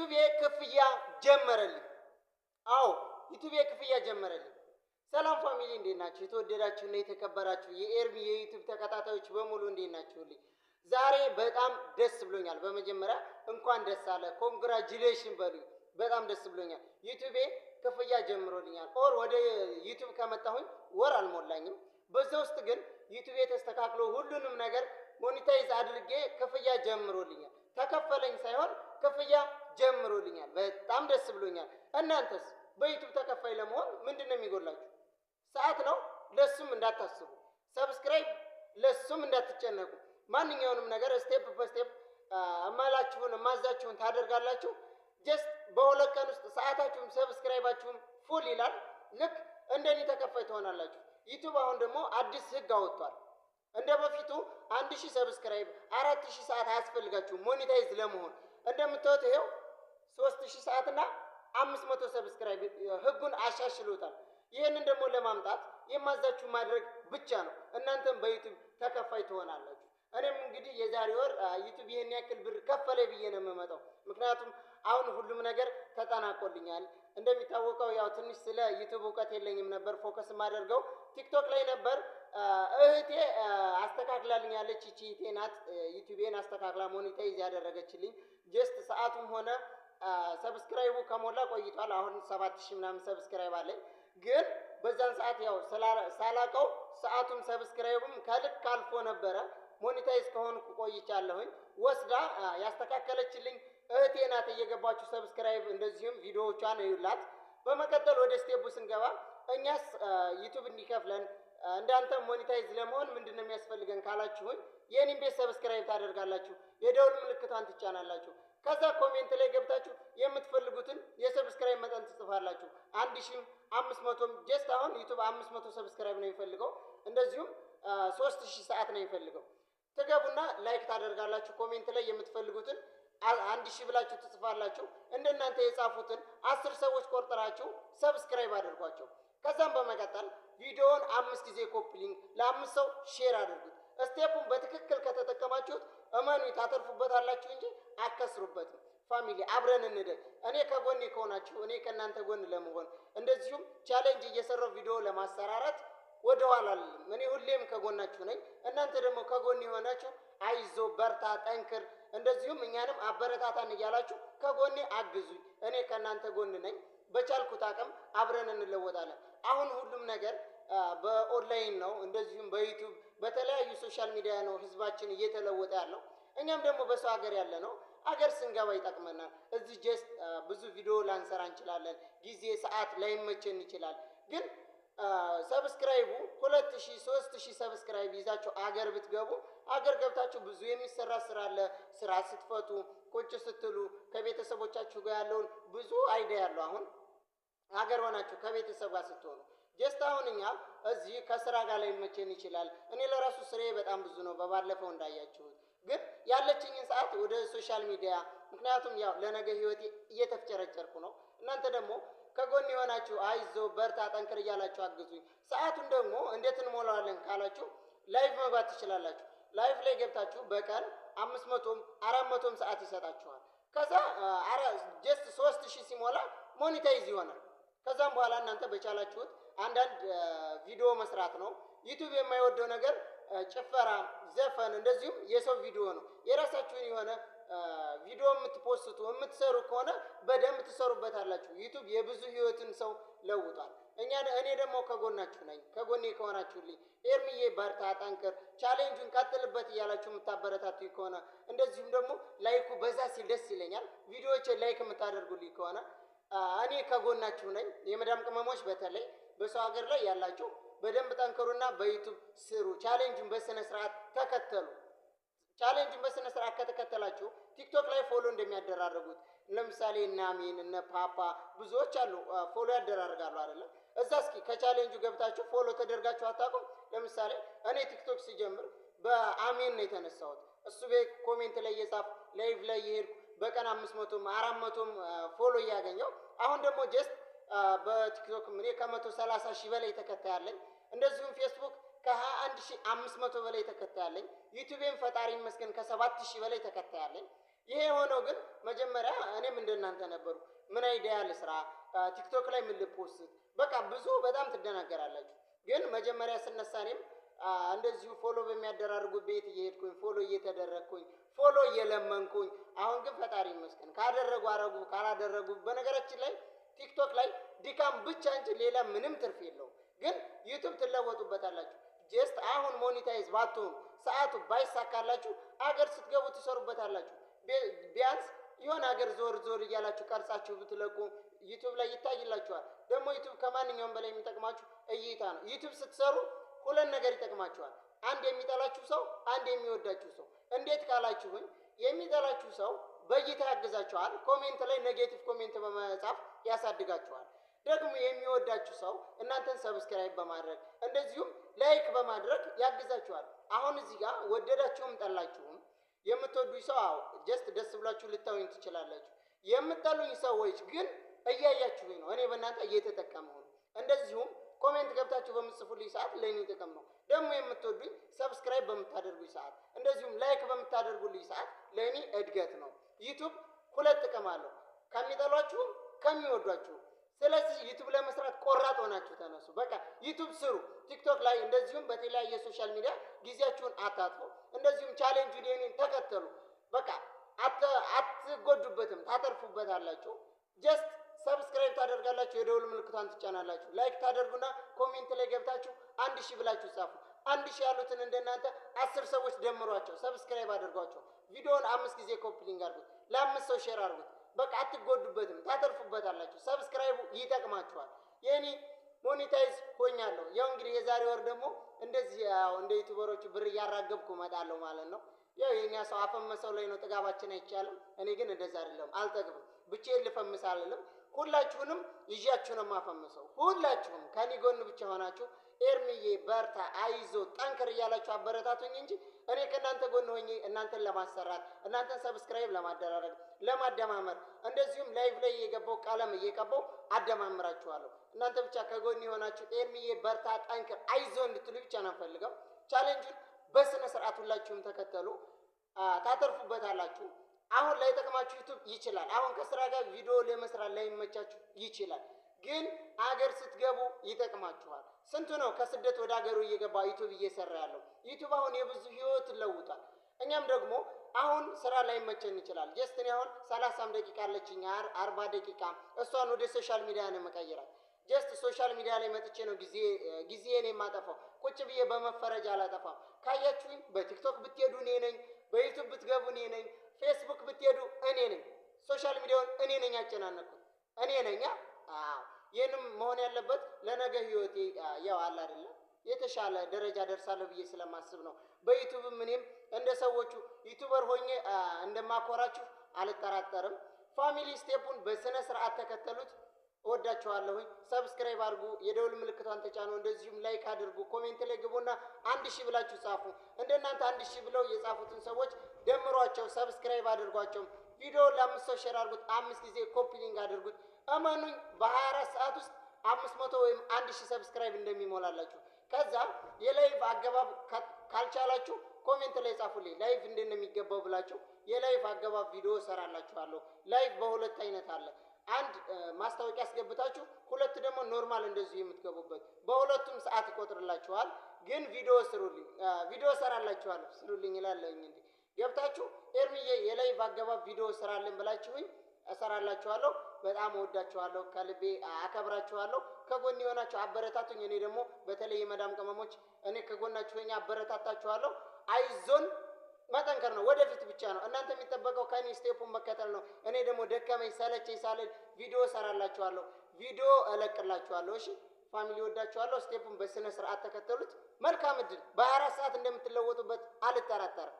ዩቱብ ክፍያ ጀመረልኝ። አዎ ዩቱብ ክፍያ ጀመረልኝ። ሰላም ፋሚሊ እንዴት ናችሁ? የተወደዳችሁና የተከበራችሁ የኤርሚ የዩቱብ ተከታታዮች በሙሉ እንዴት ናችሁልኝ? ዛሬ በጣም ደስ ብሎኛል። በመጀመሪያ እንኳን ደስ አለ ኮንግራጁሌሽን በሉኝ። በጣም ደስ ብሎኛል። ዩቱቤ ክፍያ ጀምሮልኛል። ኦር ወደ ዩቱብ ከመጣሁኝ ወር አልሞላኝም። በዛ ውስጥ ግን ዩቱቤ ተስተካክሎ ሁሉንም ነገር ሞኒታይዝ አድርጌ ክፍያ ጀምሮልኛል። ተከፈለኝ ሳይሆን ክፍያ ጀምሮልኛል። በጣም ደስ ብሎኛል። እናንተስ በዩቱብ ተከፋይ ለመሆን ምንድን ነው የሚጎላችሁ? ሰዓት ነው። ለሱም እንዳታስቡ፣ ሰብስክራይብ፣ ለሱም እንዳትጨነቁ። ማንኛውንም ነገር ስቴፕ በስቴፕ እማላችሁን እማዛችሁን ታደርጋላችሁ። ጀስት በሁለት ቀን ውስጥ ሰዓታችሁም ሰብስክራይባችሁም ፉል ይላል። ልክ እንደኔ ተከፋይ ትሆናላችሁ። ዩቱብ አሁን ደግሞ አዲስ ህግ አወጥቷል። እንደ በፊቱ አንድ ሺህ ሰብስክራይብ አራት ሺህ ሰዓት አያስፈልጋችሁም ሞኔታይዝ ለመሆን እንደምታዩት ይኸው ሶስት ሺህ ሰዓትና አምስት መቶ ሰብስክራይብ ህጉን አሻሽሎታል። ይህንን ደግሞ ለማምጣት የማዛችሁ ማድረግ ብቻ ነው። እናንተም በዩቱብ ተከፋይ ትሆናላችሁ። እኔም እንግዲህ የዛሬ ወር ዩቱብ ይህን ያክል ብር ከፈለ ብዬ ነው የምመጣው። ምክንያቱም አሁን ሁሉም ነገር ተጠናቆልኛል። እንደሚታወቀው ያው ትንሽ ስለ ዩቱብ እውቀት የለኝም ነበር። ፎከስ የማደርገው ቲክቶክ ላይ ነበር። እህቴ አስተካክላልኛለች። ይቺ እህቴ ናት ዩቱቤን አስተካክላ ሞኒታይዝ ያደረገችልኝ። ጀስት ሰዓቱም ሆነ ሰብስክራይቡ ከሞላ ቆይቷል። አሁን ሰባት ሺህ ምናምን ሰብስክራይብ አለኝ። ግን በዛን ሰዓት ያው ሳላቀው ሰዓቱም ሰብስክራይቡም ከልክ አልፎ ነበረ። ሞኒታይዝ ከሆንኩ ቆይቻለሁኝ። ወስዳ ያስተካከለችልኝ እህቴ ናት። እየገባችሁ ሰብስክራይብ እንደዚሁም ቪዲዮዎቿን እዩላት። በመቀጠል ወደ ስቴቡ ስንገባ እኛስ ዩቱብ እንዲከፍለን እንዳንተ ሞኒታይዝ ለመሆን ምንድን ነው የሚያስፈልገን ካላችሁኝ፣ የኔን ቤት ሰብስክራይብ ታደርጋላችሁ፣ የደውል ምልክቷን ትጫናላችሁ። ከዛ ኮሜንት ላይ ገብታችሁ የምትፈልጉትን የሰብስክራይብ መጠን ትጽፋላችሁ። አንድ ሺህም አምስት መቶም ጀስት አሁን ዩቱብ አምስት መቶ ሰብስክራይብ ነው የሚፈልገው። እንደዚሁም ሶስት ሺህ ሰዓት ነው የሚፈልገው። ትገቡና ላይክ ታደርጋላችሁ። ኮሜንት ላይ የምትፈልጉትን አንድ ሺህ ብላችሁ ትጽፋላችሁ። እንደናንተ የጻፉትን አስር ሰዎች ቆርጥራችሁ ሰብስክራይብ አድርጓቸው። ከዛም በመቀጠል ቪዲዮውን አምስት ጊዜ ኮፕሊንግ ለአምስት ሰው ሼር አድርጉት። ስቴፑን በትክክል ከተጠቀማችሁት እመኑ ታተርፉበታላችሁ እንጂ አከስሩበትም። ፋሚሊ አብረን እንደግ። እኔ ከጎኔ ከሆናችሁ እኔ ከእናንተ ጎን ለመሆን እንደዚሁም ቻሌንጅ እየሰራው ቪዲዮ ለማሰራራት ወደኋላ አልልም። እኔ ሁሌም ከጎናችሁ ነኝ። እናንተ ደግሞ ከጎን የሆናችሁ አይዞ፣ በርታ፣ ጠንክር እንደዚሁም እኛንም አበረታታን እያላችሁ ከጎኔ አግዙኝ። እኔ ከእናንተ ጎን ነኝ። በቻልኩት አቅም አብረን እንለወጣለን። አሁን ሁሉም ነገር በኦንላይን ነው፣ እንደዚሁም በዩቲዩብ በተለያዩ ሶሻል ሚዲያ ነው ህዝባችን እየተለወጠ ያለው። እኛም ደግሞ በሰው ሀገር ያለ ነው አገር ስንገባ ይጠቅመናል። እዚህ ጀስት ብዙ ቪዲዮ ላንሰራ እንችላለን። ጊዜ ሰዓት ላይመቸን ይችላል። ግን ሰብስክራይቡ ሁለት ሺ ሶስት ሺ ሰብስክራይብ ይዛችሁ አገር ብትገቡ አገር ገብታችሁ ብዙ የሚሰራ ስራ አለ። ስራ ስትፈቱ ቁጭ ስትሉ ከቤተሰቦቻችሁ ጋር ያለውን ብዙ አይዲያ ያለው አሁን አገር ሆናችሁ ከቤተሰብ ጋር ስትሆኑ ጀስት አሁን እኛ እዚህ ከስራ ጋር ላይመቸን ይችላል። እኔ ለራሱ ስሬ በጣም ብዙ ነው። በባለፈው እንዳያችሁት ግን ያለችኝን ሰዓት ወደ ሶሻል ሚዲያ ምክንያቱም ያው ለነገ ህይወት እየተፍጨረጨርኩ ነው። እናንተ ደግሞ ከጎን የሆናችሁ አይዞ በርታ፣ ጠንክር እያላችሁ አግዙኝ። ሰዓቱን ደግሞ እንዴት እንሞላዋለን ካላችሁ ላይቭ መግባት ትችላላችሁ። ላይቭ ላይ ገብታችሁ በቀን አምስት መቶም አራት መቶም ሰዓት ይሰጣችኋል። ከዛ ጀስት ሶስት ሺህ ሲሞላ ሞኒታይዝ ይሆናል። ከዛም በኋላ እናንተ በቻላችሁት አንዳንድ ቪዲዮ መስራት ነው ዩቱብ የማይወደው ነገር ጭፈራ፣ ዘፈን እንደዚሁም የሰው ቪዲዮ ነው። የራሳችሁን የሆነ ቪዲዮ የምትፖስቱ የምትሰሩ ከሆነ በደንብ ትሰሩበት አላችሁ። ዩቱብ የብዙ ህይወትን ሰው ለውጧል። እኛ እኔ ደግሞ ከጎናችሁ ነኝ። ከጎኔ ከሆናችሁልኝ ኤርሚዬ በርታ፣ ጠንክር፣ ቻሌንጁን ቀጥልበት እያላችሁ የምታበረታቱኝ ከሆነ እንደዚሁም ደግሞ ላይኩ በዛ ሲል ደስ ይለኛል። ቪዲዮዎች ላይክ የምታደርጉልኝ ከሆነ እኔ ከጎናችሁ ነኝ። የመዳም ቅመሞች በተለይ በሰው ሀገር ላይ ያላችሁ በደንብ ጠንከሩና በዩቱብ ስሩ። ቻሌንጅን በስነ ስርዓት ተከተሉ። ቻሌንጅን በስነ ስርዓት ከተከተላችሁ ቲክቶክ ላይ ፎሎ እንደሚያደራረጉት ለምሳሌ እነ አሚን እነ ፓፓ ብዙዎች አሉ፣ ፎሎ ያደራርጋሉ አይደለም። እዛ እስኪ ከቻሌንጁ ገብታችሁ ፎሎ ተደርጋችሁ አታውቁም? ለምሳሌ እኔ ቲክቶክ ሲጀምር በአሚን ነው የተነሳሁት። እሱ ቤት ኮሜንት ላይ እየጻፍኩ ላይቭ ላይ እየሄድኩ በቀን አምስት መቶም አራት መቶም ፎሎ እያገኘው አሁን ደግሞ ጀስት በቲክቶክ እኔ ከመቶ ሰላሳ ሺህ በላይ ተከታያለኝ። እንደዚሁም ፌስቡክ ከሀያ አንድ ሺህ አምስት መቶ በላይ ተከታያለኝ። ዩቲዩብም ፈጣሪ ይመስገን ከሰባት ሺህ በላይ ተከታያለኝ። ይሄ የሆነው ግን መጀመሪያ እኔም እንደናንተ ነበሩ። ምን አይዲያ ልስራ፣ ቲክቶክ ላይ ምን ልፖስት፣ በቃ ብዙ በጣም ትደናገራላችሁ። ግን መጀመሪያ ስነሳ እኔም እንደዚሁ ፎሎ በሚያደራርጉ ቤት እየሄድኩኝ ፎሎ እየተደረግኩኝ ፎሎ እየለመንኩኝ፣ አሁን ግን ፈጣሪ ይመስገን ካደረጉ አረጉ ካላደረጉ በነገራችን ላይ ቲክቶክ ላይ ድካም ብቻ እንጂ ሌላ ምንም ትርፍ የለውም። ግን ዩቱብ ትለወጡበታላችሁ። ጀስት አሁን ሞኒታይዝ ባትሆኑ ሰዓቱ ባይሳካላችሁ አገር ስትገቡ ትሰሩበታላችሁ። ቢያንስ የሆነ አገር ዞር ዞር እያላችሁ ቀርጻችሁ ብትለቁ ዩቱብ ላይ ይታይላችኋል። ደግሞ ዩቱብ ከማንኛውም በላይ የሚጠቅማችሁ እይታ ነው። ዩቱብ ስትሰሩ ሁለት ነገር ይጠቅማችኋል። አንድ የሚጠላችሁ ሰው፣ አንድ የሚወዳችሁ ሰው። እንዴት ካላችሁኝ የሚጠላችሁ ሰው በእይታ ያግዛችኋል። ኮሜንት ላይ ኔጌቲቭ ኮሜንት በመጻፍ ያሳድጋችኋል። ደግሞ የሚወዳችሁ ሰው እናንተን ሰብስክራይብ በማድረግ እንደዚሁም ላይክ በማድረግ ያግዛችኋል። አሁን እዚህ ጋር ወደዳችሁም ጠላችሁም የምትወዱኝ ሰው አዎ ጀስት ደስ ብላችሁ ልታዩኝ ትችላላችሁ። የምጠሉኝ ሰዎች ግን እያያችሁኝ ነው፣ እኔ በእናንተ እየተጠቀምሁ ነው። እንደዚሁም ኮሜንት ገብታችሁ በምጽፉልኝ ሰዓት ለእኔ ጥቅም ነው። ደግሞ የምትወዱኝ ሰብስክራይብ በምታደርጉኝ ሰዓት፣ እንደዚሁም ላይክ በምታደርጉልኝ ሰዓት ለእኔ እድገት ነው። ዩቱብ ሁለት ጥቅም አለው ከሚጠሏችሁም ከሚወዷችሁ። ስለዚህ ዩቱብ ለመስራት ቆራጥ ሆናችሁ ተነሱ። በቃ ዩቱብ ስሩ፣ ቲክቶክ ላይ እንደዚሁም በተለያየ ሶሻል ሚዲያ ጊዜያችሁን አታጥፉ። እንደዚሁም ቻሌንጅ ዴኒን ተከተሉ። በቃ አትጎዱበትም፣ ታተርፉበታላችሁ። ጀስት ሰብስክራይብ ታደርጋላችሁ፣ የደውል ምልክቷን ትጫናላችሁ፣ ላይክ ታደርጉና ኮሜንት ላይ ገብታችሁ አንድ ሺህ ብላችሁ ጻፉ። አንድ ሺህ ያሉትን እንደናንተ አስር ሰዎች ደምሯቸው፣ ሰብስክራይብ አድርጓቸው። ቪዲዮውን አምስት ጊዜ ኮፕሊንግ አድርጉት፣ ለአምስት ሰው ሼር አድርጉት። በቃ አትጎዱበትም፣ ታተርፉበታላችሁ። ሰብስክራይቡ ይጠቅማችኋል። የኔ ሞኔታይዝ ሆኛለሁ። ያው እንግዲህ የዛሬ ወር ደግሞ እንደዚህ ያው እንደ ዩቲዩበሮቹ ብር እያራገብኩ እመጣለሁ ማለት ነው። ያው የኛ ሰው አፈመሰው ላይ ነው ጥጋባችን አይቻልም። እኔ ግን እንደዛ አይደለም፣ አልጠግብም፣ ብቻዬን ልፈምስ አልልም። ሁላችሁንም ይዣችሁ ነው የማፈምሰው። ሁላችሁም ከኔ ጎን ብቻ ሆናችሁ ኤርሚዬ በርታ፣ አይዞ፣ ጠንክር እያላችሁ አበረታቱኝ እንጂ እኔ ከእናንተ ጎን ሆኜ እናንተን ለማሰራት እናንተን ሰብስክራይብ ለማደራረግ ለማደማመር፣ እንደዚሁም ላይቭ ላይ እየገባው ቀለም እየቀባው አደማምራችኋለሁ። እናንተ ብቻ ከጎን የሆናችሁ ኤርሚዬ በርታ፣ ጠንክር፣ አይዞ እንድትሉ ብቻ ነው ፈልገው። ቻሌንጁን በስነ ስርዓት ሁላችሁም ተከተሉ፣ ታተርፉበታላችሁ። አሁን ላይ ጠቅማችሁ ዩቱብ ይችላል። አሁን ከስራ ጋር ቪዲዮ ለመስራት ላይ ይችላል። ግን አገር ስትገቡ ይጠቅማችኋል። ስንቱ ነው ከስደት ወደ አገሩ እየገባ ዩቱብ እየሰራ ያለው? ዩቱብ አሁን የብዙ ህይወት ለውጧል። እኛም ደግሞ አሁን ስራ ላይ መቸን ይችላል። ጀስት እኔ አሁን ሰላሳም ደቂቃ አለችኝ አርባ ደቂቃ እሷን ወደ ሶሻል ሚዲያ ነው መቀየራት። ጀስት ሶሻል ሚዲያ ላይ መጥቼ ነው ጊዜን የማጠፋው። ቁጭ ብዬ በመፈረጃ አላጠፋም። ካያችሁኝ በቲክቶክ ብትሄዱ እኔ ነኝ፣ በዩቱብ ብትገቡ እኔ ነኝ ፌስቡክ ብትሄዱ እኔ ነኝ፣ ሶሻል ሚዲያውን እኔ ነኝ ያጨናነኩት እኔ ነኛ። አዎ ይህንም መሆን ያለበት ለነገ ህይወቴ ያው አለ አይደለም የተሻለ ደረጃ ደርሳለሁ ብዬ ስለማስብ ነው። በዩቱብም እኔም እንደ ሰዎቹ ዩቱበር ሆኜ እንደማኮራችሁ አልጠራጠርም። ፋሚሊ ስቴፑን በስነ ስርዓት ተከተሉት። እወዳችኋለሁኝ። ሰብስክራይብ አድርጉ፣ የደውል ምልክቷን ተጫኑ፣ እንደዚሁም ላይክ አድርጉ። ኮሜንት ላይ ግቡና አንድ ሺህ ብላችሁ ጻፉ። እንደናንተ አንድ ሺህ ብለው የጻፉትን ሰዎች ደምሯቸው፣ ሰብስክራይብ አድርጓቸው። ቪዲዮ ለአምስት ሰው ሼር አድርጉት። አምስት ጊዜ ኮፒሊንግ አድርጉት። እመኑኝ በ24 ሰዓት ውስጥ አምስት መቶ ወይም አንድ ሺህ ሰብስክራይብ እንደሚሞላላችሁ። ከዛ የላይቭ አገባብ ካልቻላችሁ ኮሜንት ላይ ጻፉልኝ። ላይቭ እንዴት ነው የሚገባው ብላችሁ የላይቭ አገባብ ቪዲዮ እሰራላችኋለሁ። ላይቭ በሁለት አይነት አለ። አንድ ማስታወቂያ አስገብታችሁ፣ ሁለት ደግሞ ኖርማል እንደዚሁ የምትገቡበት። በሁለቱም ሰዓት ይቆጥርላችኋል። ግን ቪዲዮ ስሩልኝ፣ ቪዲዮ እሰራላችኋለሁ ስሩልኝ እላለሁ እንጂ ገብታችሁ ኤርሚዬ የላይቭ አገባብ ቪዲዮ እሰራለን ብላችሁኝ እሰራላችኋለሁ። በጣም እወዳችኋለሁ፣ ከልቤ አከብራችኋለሁ። ከጎን የሆናችሁ አበረታቱኝ። እኔ ደግሞ በተለይ የመዳም ቅመሞች እኔ ከጎናችሁ ሆኜ አበረታታችኋለሁ። አይዞን መጠንከር ነው፣ ወደፊት ብቻ ነው። እናንተ የሚጠበቀው ከእኔ ስቴፑን መከተል ነው። እኔ ደግሞ ደከመኝ ሰለቸኝ ሳልል ቪዲዮ እሰራላችኋለሁ፣ ቪዲዮ እለቅላችኋለሁ። እሺ ፋሚሊ ወዳችኋለሁ። ስቴፑን በስነ ስርዓት ተከተሉት። መልካም እድል። በአራት ሰዓት እንደምትለወጡበት አልጠራጠርም።